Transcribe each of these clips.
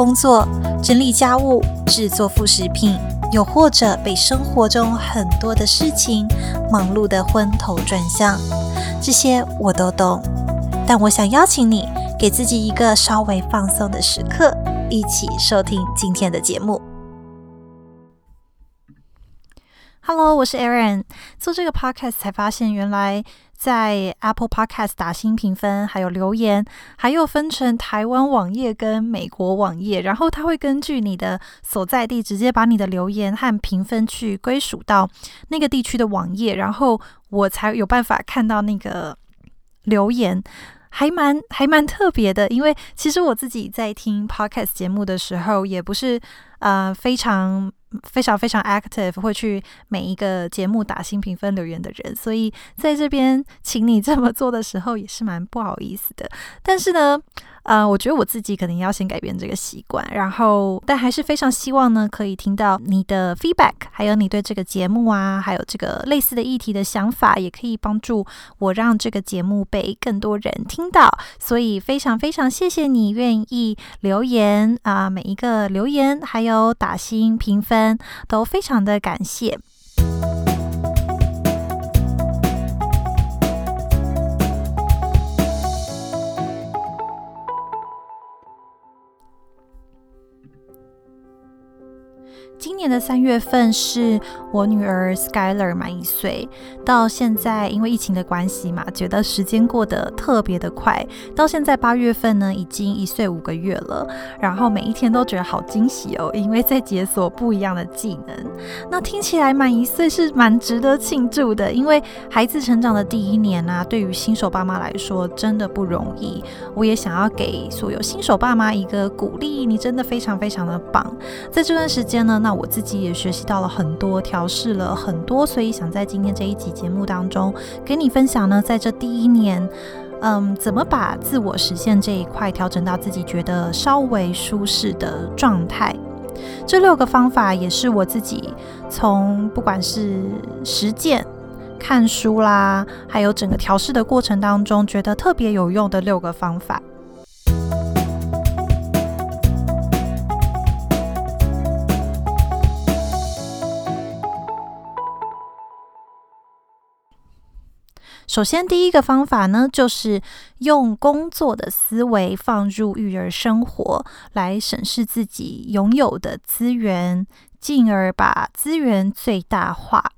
工作、整理家務、製作副食品，又或者被生活中很多的事情忙碌得昏頭轉向，這些我都懂。但我想邀請你，給自己一個稍微放鬆的時刻，一起收聽今天的節目。Hello，我是 Erin。做這個 Podcast 才發現，原來在 Apple Podcast 打星評分還有留言，還有分成台灣網頁跟美國網頁，然後它會根據你的所在地，直接把你的留言和評分去歸屬到那個地區的網頁，然後我才有辦法看到那個留言，還蠻還蠻特別的。因為其實我自己在聽 Podcast 節目的時候，也不是啊、呃，非常。非常非常 active，會去每一個節目打星評分留言的人，所以在這邊請你這麼做的時候，也是蠻不好意思的。但是呢。呃，我覺得我自己可能要先改變這個習慣，然後，但還是非常希望呢，可以聽到你的 feedback，還有你對這個節目啊，還有這個類似的議題的想法，也可以幫助我讓這個節目被更多人聽到。所以，非常非常謝謝你願意留言啊，呃，每一個留言還有打星評分，都非常的感謝。今年的三月份是我女兒 Skyler 滿一歲，到現在因為疫情的關係嘛，覺得時間過得特別的快。到現在八月份呢，已經一歲五個月了，然後每一天都覺得好驚喜哦、喔，因為在解鎖不一樣的技能。那聽起來滿一歲是蠻值得慶祝的，因為孩子成長的第一年啊，對於新手爸媽來說真的不容易。我也想要給所有新手爸媽一個鼓勵，你真的非常非常的棒。在這段時間呢，那。我自己也學習到了很多，調試了很多，所以想在今天這一集節目當中給你分享呢。在這第一年，嗯，怎麼把自我實現這一塊調整到自己覺得稍微舒適的狀態？這六個方法也是我自己從不管是實踐、看書啦，還有整個調試的過程當中，覺得特別有用的六個方法。首先，第一個方法呢，就是用工作的思維放入育兒生活，來審視自己擁有的資源，進而把資源最大化。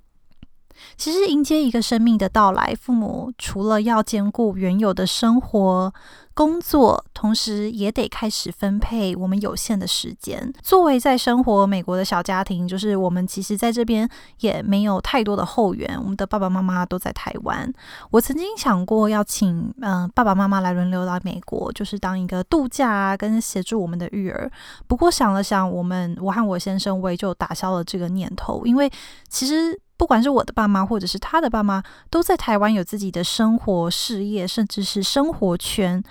其實迎接一個生命的到來，父母除了要兼顧原有的生活、工作，同時也得開始分配我們有限的時間。作為在生活美國的小家庭，就是我們其實在這邊也沒有太多的後援，我們的爸爸媽媽都在台灣。我曾經想過要請嗯、呃、爸爸媽媽來輪流到美國，就是當一個度假啊，跟協助我們的育兒。不過想了想，我們我和我先生我也就打消了這個念頭，因為其實。不管是我的爸媽，或者是他的爸媽，都在台灣有自己的生活、事業，甚至是生活圈。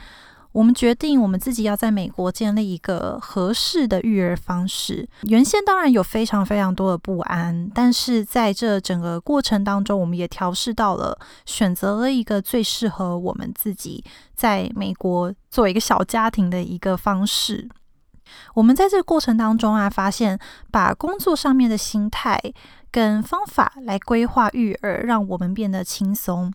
我們決定我們自己要在美國建立一個合適的育兒方式。原先當然有非常非常多的不安，但是在這整個過程當中，我們也調試到了，選擇了一個最適合我們自己在美國做一個小家庭的一個方式。我們在這個過程當中啊，發現把工作上面的心態，跟方法來規劃育兒，讓我們變得輕鬆。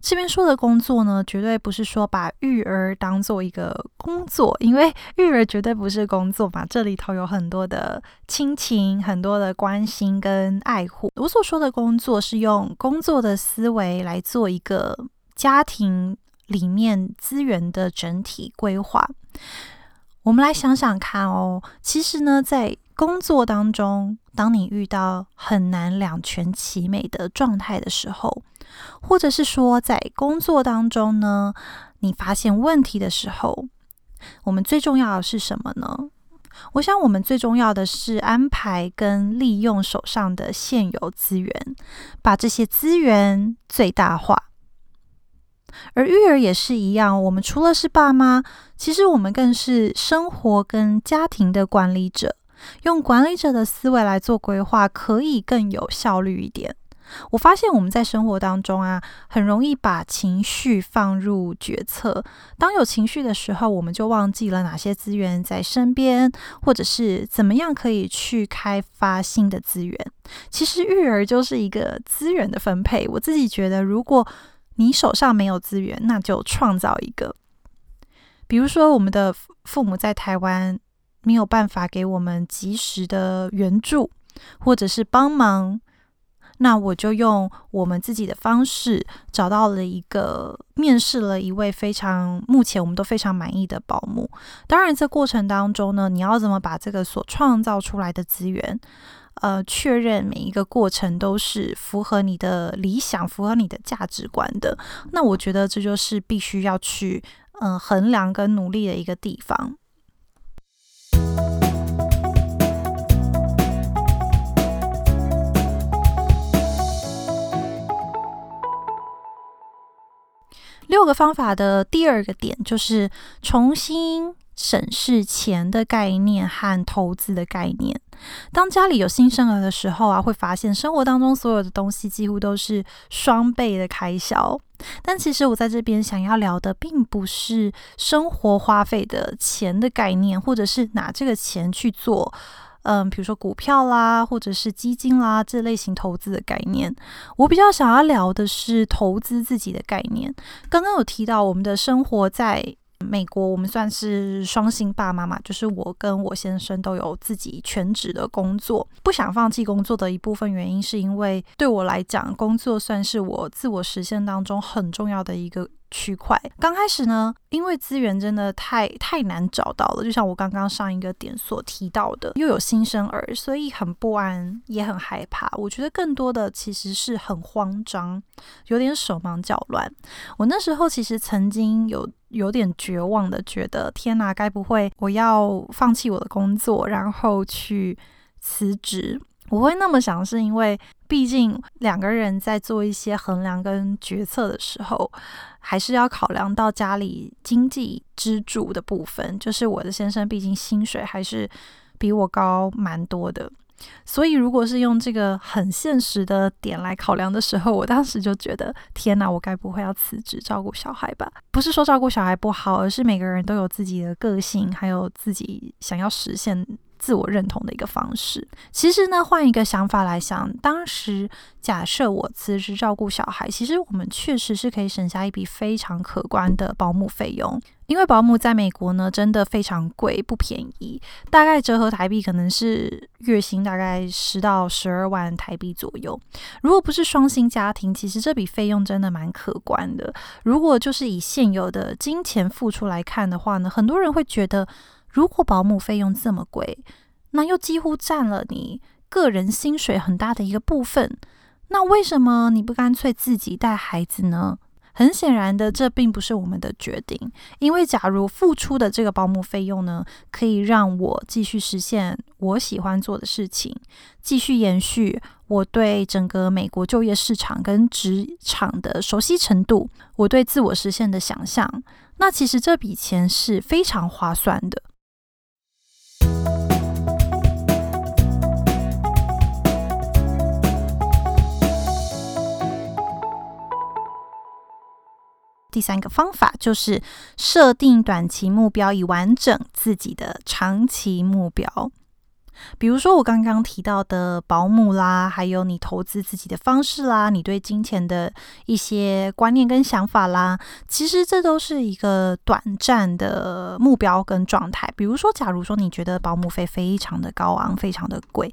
這邊說的工作呢，絕對不是說把育兒當做一個工作，因為育兒絕對不是工作嘛。這裡頭有很多的親情，很多的關心跟愛護。我所說的工作，是用工作的思維來做一個家庭裡面資源的整體規劃。我們來想想看哦，其實呢，在工作當中，當你遇到很難兩全其美的狀態的時候，或者是說在工作當中呢，你發現問題的時候，我們最重要的是什麼呢？我想，我們最重要的是安排跟利用手上的現有資源，把這些資源最大化。而育兒也是一樣，我們除了是爸媽，其實我們更是生活跟家庭的管理者。用管理者的思維來做規劃，可以更有效率一點。我發現我們在生活當中啊，很容易把情緒放入決策。當有情緒的時候，我們就忘記了哪些資源在身邊，或者是怎麼樣可以去開發新的資源。其實育兒就是一個資源的分配。我自己覺得，如果你手上沒有資源，那就創造一個。比如說，我們的父母在台灣。沒有辦法給我們及時的援助，或者是幫忙，那我就用我們自己的方式找到了一個面試了一位非常目前我們都非常滿意的保姆。當然，這個過程當中呢，你要怎麼把這個所創造出來的資源，呃，確認每一個過程都是符合你的理想、符合你的價值觀的，那我覺得這就是必須要去嗯、呃、衡量跟努力的一個地方。六個方法的第二個點就是重新審視錢的概念和投資的概念。當家裡有新生兒的時候啊，會發現生活當中所有的東西幾乎都是雙倍的開銷。但其實我在這邊想要聊的，並不是生活花費的錢的概念，或者是拿這個錢去做，嗯，比如說股票啦，或者是基金啦，這類型投資的概念。我比較想要聊的是投資自己的概念。剛剛有提到我們的生活在。美國，我們算是雙薪爸媽嘛，就是我跟我先生都有自己全職的工作。不想放棄工作的一部分原因，是因為對我來講，工作算是我自我實現當中很重要的一個。區塊剛開始呢，因為資源真的太太難找到了，就像我剛剛上一個點所提到的，又有新生兒，所以很不安，也很害怕。我覺得更多的其實是很慌張，有點手忙腳亂。我那時候其實曾經有有點絕望的，覺得天哪，該不會我要放棄我的工作，然後去辭職？我會那麼想，是因為。畢竟兩個人在做一些衡量跟決策的時候，還是要考量到家裡經濟支柱的部分。就是我的先生，畢竟薪水還是比我高蠻多的。所以如果是用這個很現實的點來考量的時候，我當時就覺得，天哪，我該不會要辭職照顧小孩吧？不是說照顧小孩不好，而是每個人都有自己的個性，還有自己想要實現。自我認同的一個方式。其實呢，換一個想法來想，當時假設我辭職照顧小孩，其實我們確實是可以省下一筆非常可觀的保姆費用。因為保姆在美國呢，真的非常貴，不便宜，大概折合台幣可能是月薪大概十到十二萬台幣左右。如果不是雙薪家庭，其實這筆費用真的蠻可觀的。如果就是以現有的金錢付出來看的話呢，很多人會覺得，如果保姆費用這麼貴，那又幾乎佔了你個人薪水很大的一個部分，那為什麼你不乾脆自己帶孩子呢？很顯然的，這並不是我們的決定，因為假如付出的這個保姆費用呢，可以讓我繼續實現我喜歡做的事情，繼續延續我對整個美國就業市場跟職場的熟悉程度，我對自我實現的想象，那其實這筆錢是非常划算的。第三個方法就是設定短期目標，以完整自己的長期目標。比如說我剛剛提到的保姆啦，還有你投資自己的方式啦，你對金錢的一些觀念跟想法啦，其實這都是一個短暫的目標跟狀態。比如說，假如說你覺得保姆費非常的高昂，非常的貴，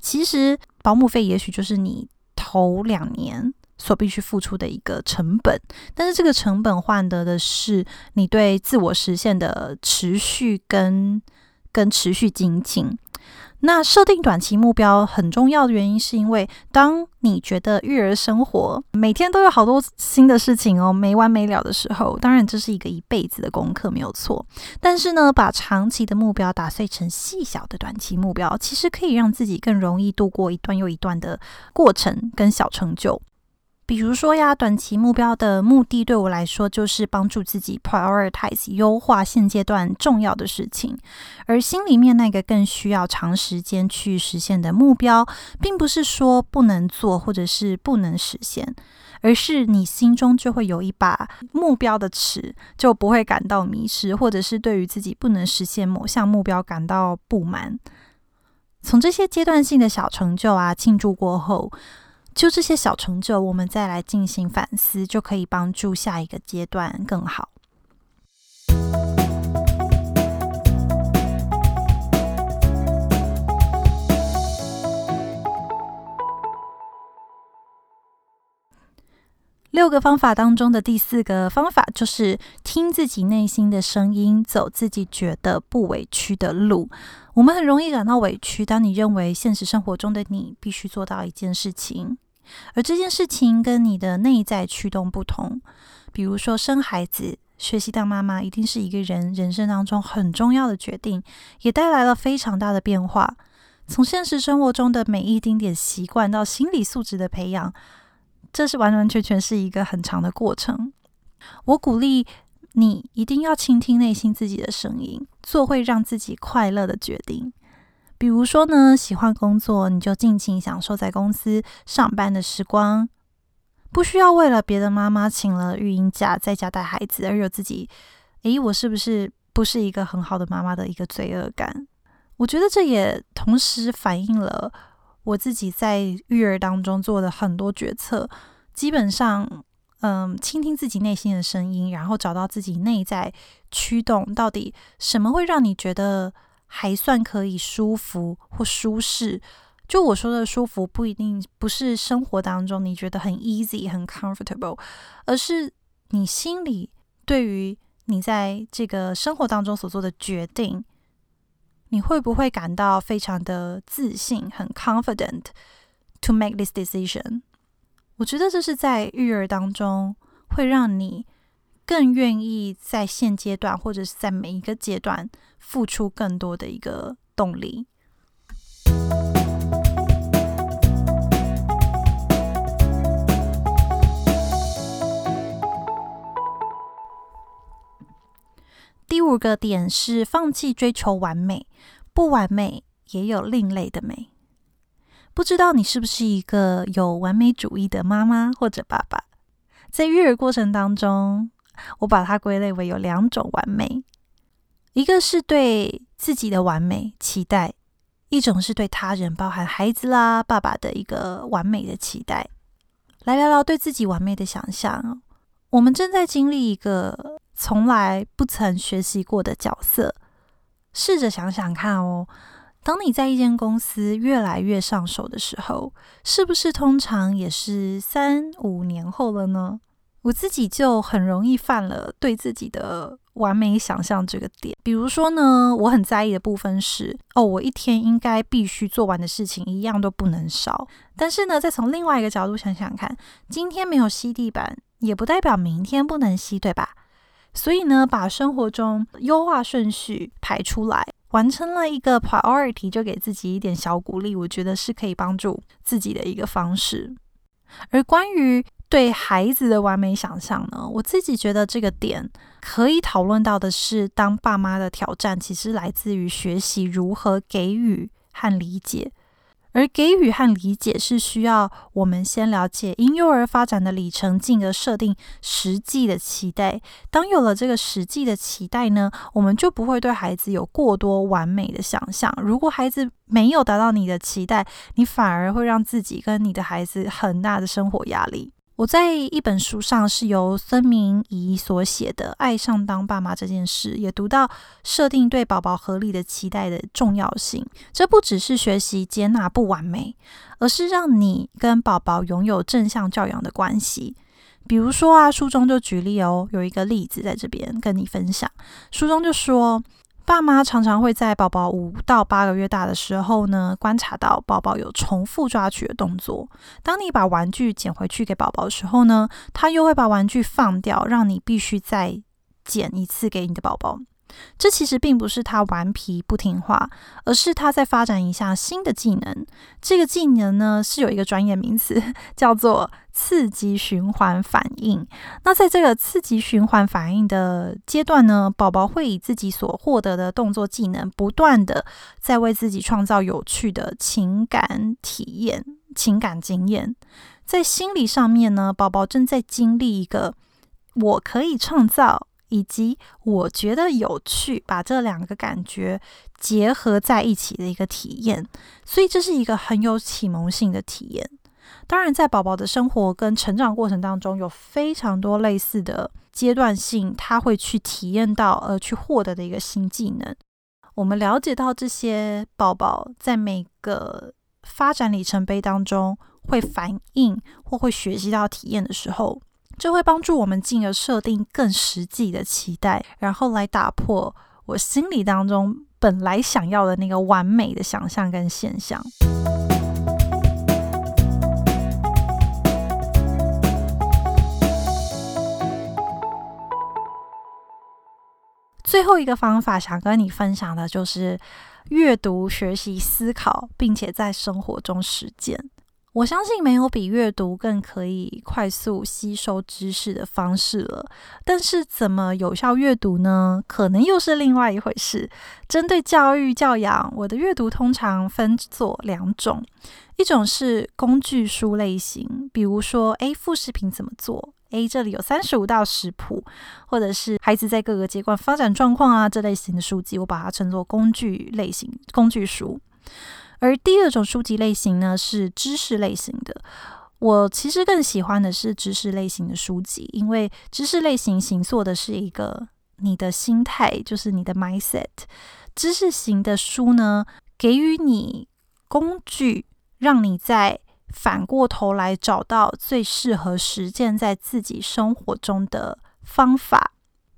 其實保姆費也許就是你頭兩年。所必須付出的一個成本，但是這個成本換得的是你對自我實現的持續跟跟持續精進。那設定短期目標很重要的原因，是因為當你覺得育兒生活每天都有好多新的事情哦，沒完沒了的時候，當然這是一個一輩子的功課，沒有錯。但是呢，把長期的目標打碎成細小的短期目標，其實可以讓自己更容易度過一段又一段的過程跟小成就。比如說呀，短期目標的目的對我來說，就是幫助自己 prioritize，優化現階段重要的事情。而心裡面那個更需要長時間去實現的目標，並不是說不能做或者是不能實現，而是你心中就會有一把目標的尺，就不會感到迷失，或者是對於自己不能實現某項目標感到不滿。從這些階段性的小成就啊，慶祝過後，就這些小成就，我們再來進行反思，就可以幫助下一個階段更好。六個方法當中的第四個方法就是聽自己內心的聲音，走自己覺得不委屈的路。我們很容易感到委屈，當你認為現實生活中的你必須做到一件事情。而這件事情跟你的內在驅動不同，比如說生孩子、學習當媽媽，一定是一個人人生當中很重要的決定，也帶來了非常大的變化。從現實生活中的每一丁點習慣到心理素質的培養，這是完完全全是一個很長的過程。我鼓勵你一定要傾聽內心自己的聲音，做會讓自己快樂的決定。比如說呢，喜歡工作，你就盡情享受在公司上班的時光，不需要為了別的媽媽請了育嬰假在家帶孩子，而有自己，誒，我是不是不是一個很好的媽媽的一個罪惡感？我覺得這也同時反映了我自己在育兒當中做的很多決策，基本上，嗯，傾聽自己內心的聲音，然後找到自己內在驅動，到底什麼會讓你覺得，還算可以舒服或舒適，就我說的舒服不一定不是生活當中你覺得很 easy，很 comfortable，而是你心裡對於你在這個生活當中所做的決定，你會不會感到非常的自信，很 confident to make this decision？我覺得這是在育兒當中會讓你。更願意在現階段或者是在每一個階段付出更多的一個動力。第五個點是放棄追求完美，不完美也有另類的美。不知道你是不是一個有完美主義的媽媽或者爸爸，在育兒過程當中。我把它歸類為有兩種完美，一個是對自己的完美期待，一種是對他人，包含孩子啦、爸爸的一個完美的期待。來聊聊對自己完美的想象。我們正在經歷一個從來不曾學習過的角色。試着想想看哦，當你在一間公司越來越上手的時候，是不是通常也是三五年後了呢？我自己就很容易犯了對自己的完美想象這個點。比如說呢，我很在意的部分是，哦，我一天應該必須做完的事情一樣都不能少。但是呢，再從另外一個角度想想看，今天沒有吸地板，也不代表明天不能吸，對吧？所以呢，把生活中優化順序排出來，完成了一個 priority，就給自己一點小鼓勵，我覺得是可以幫助自己的一個方式。而關於對孩子的完美想象呢，我自己覺得這個點可以討論到的是，當爸媽的挑戰其實來自於學習如何給予和理解，而給予和理解是需要我們先了解嬰幼兒發展的里程，進而設定實際的期待。當有了這個實際的期待呢，我們就不會對孩子有過多完美的想象。如果孩子沒有達到你的期待，你反而會讓自己跟你的孩子有很大的生活壓力。我在一本書上是由孫明儀所寫的《愛上當爸媽這件事》，也讀到設定對寶寶合理的期待的重要性。這不只是學習接納不完美，而是讓你跟寶寶擁有正向教養的關係。比如說啊，書中就舉例哦，有一個例子在這邊跟你分享。書中就說。爸媽常常會在寶寶五到八個月大的時候呢，觀察到寶寶有重複抓取的動作。當你把玩具撿回去給寶寶的時候呢，他又會把玩具放掉，讓你必須再撿一次給你的寶寶。這其實並不是他頑皮不聽話，而是他在發展一項新的技能。這個技能呢，是有一個專業名詞，叫做刺激循環反應。那在這個刺激循環反應的階段呢，寶寶會以自己所獲得的動作技能，不斷的在為自己創造有趣的情感體驗、情感經驗。在心理上面呢，寶寶正在經歷一個“我可以創造”。以及我覺得有趣，把這兩個感覺結合在一起的一個體驗，所以這是一個很有啟蒙性的體驗。當然，在寶寶的生活跟成長過程當中，有非常多類似的階段性，他會去體驗到，而去獲得的一個新技能。我們了解到，這些寶寶在每個發展里程碑當中會反應或會學習到體驗的時候，就會幫助我們，進而設定更實際的期待，然後來打破我心裡當中本來想要的那個完美的想象跟現象。最後一個方法，想跟你分享的就是閱讀、學習、思考，並且在生活中實踐。我相信沒有比閱讀更可以快速吸收知識的方式了，但是怎麼有效閱讀呢？可能又是另外一回事。針對教育教養，我的閱讀通常分作兩種，一種是工具書類型，比如說 A 副食品怎麼做，A 這裡有三十五道食譜，或者是孩子在各個階段發展狀況啊這類型的書籍，我把它稱作工具類型工具書。而第二種書籍類型呢，是知識類型的。我其實更喜歡的是知識類型的書籍，因為知識類型形塑的是一個你的心態，就是你的 mindset。知識型的書呢，給予你工具，讓你在反過頭來找到最適合實踐在自己生活中的方法。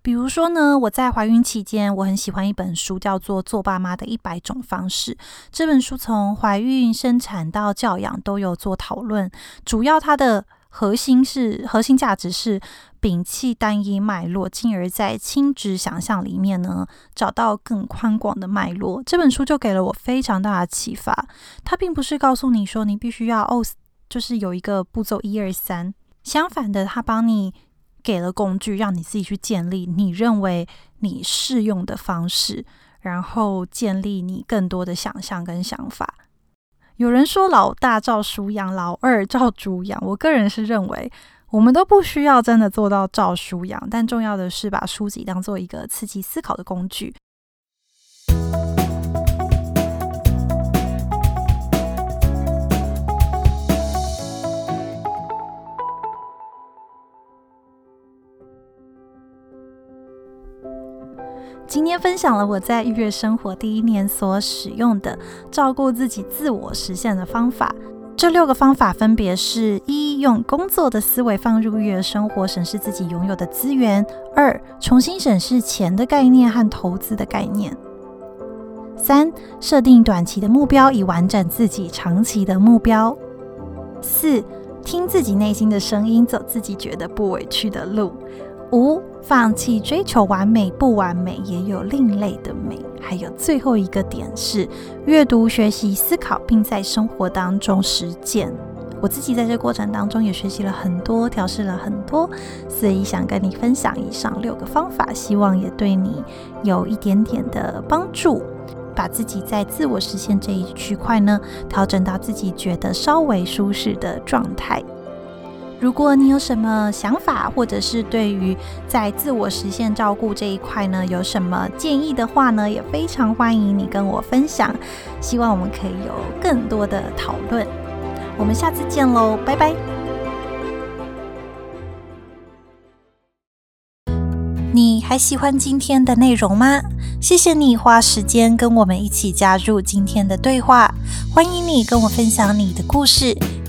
比如說呢，我在懷孕期間，我很喜歡一本書，叫做《做爸媽的一百種方式》。這本書從懷孕、生產到教養都有做討論。主要它的核心是核心價值是摒棄單一脈絡，進而，在親子想象裡面呢，找到更寬廣的脈絡。這本書就給了我非常大的啟發。它並不是告訴你說，你必須要哦，就是有一個步驟一二三。相反的，它幫你。給了工具，讓你自己去建立你認為你適用的方式，然後建立你更多的想象跟想法。有人說老大照書養，老二照豬養。我個人是認為，我們都不需要真的做到照書養，但重要的是把書籍當做一個刺激思考的工具。今天分享了我在育兒生活第一年所使用的照顧自己、自我實現的方法。這六個方法分別是：一、用工作的思維放入育兒生活，審視自己擁有的資源；二、重新審視錢的概念和投資的概念；三、設定短期的目標，以完整自己長期的目標；四、聽自己內心的聲音，走自己覺得不委屈的路。五、放棄追求完美，不完美也有另類的美。還有最後一個點是，閱讀、學習、思考，並在生活當中實踐。我自己在這過程當中也學習了很多，調適了很多，所以想跟你分享以上六個方法，希望也對你有一點點的幫助，把自己在自我實現這一區塊呢，調整到自己覺得稍微舒適的狀態。如果你有什麼想法，或者是對於在自我實現照顧這一塊呢，有什麼建議的話呢，也非常歡迎你跟我分享。希望我們可以有更多的討論。我們下次見嘍，拜拜。你還喜歡今天的內容嗎？謝謝你花時間跟我們一起加入今天的對話。歡迎你跟我分享你的故事、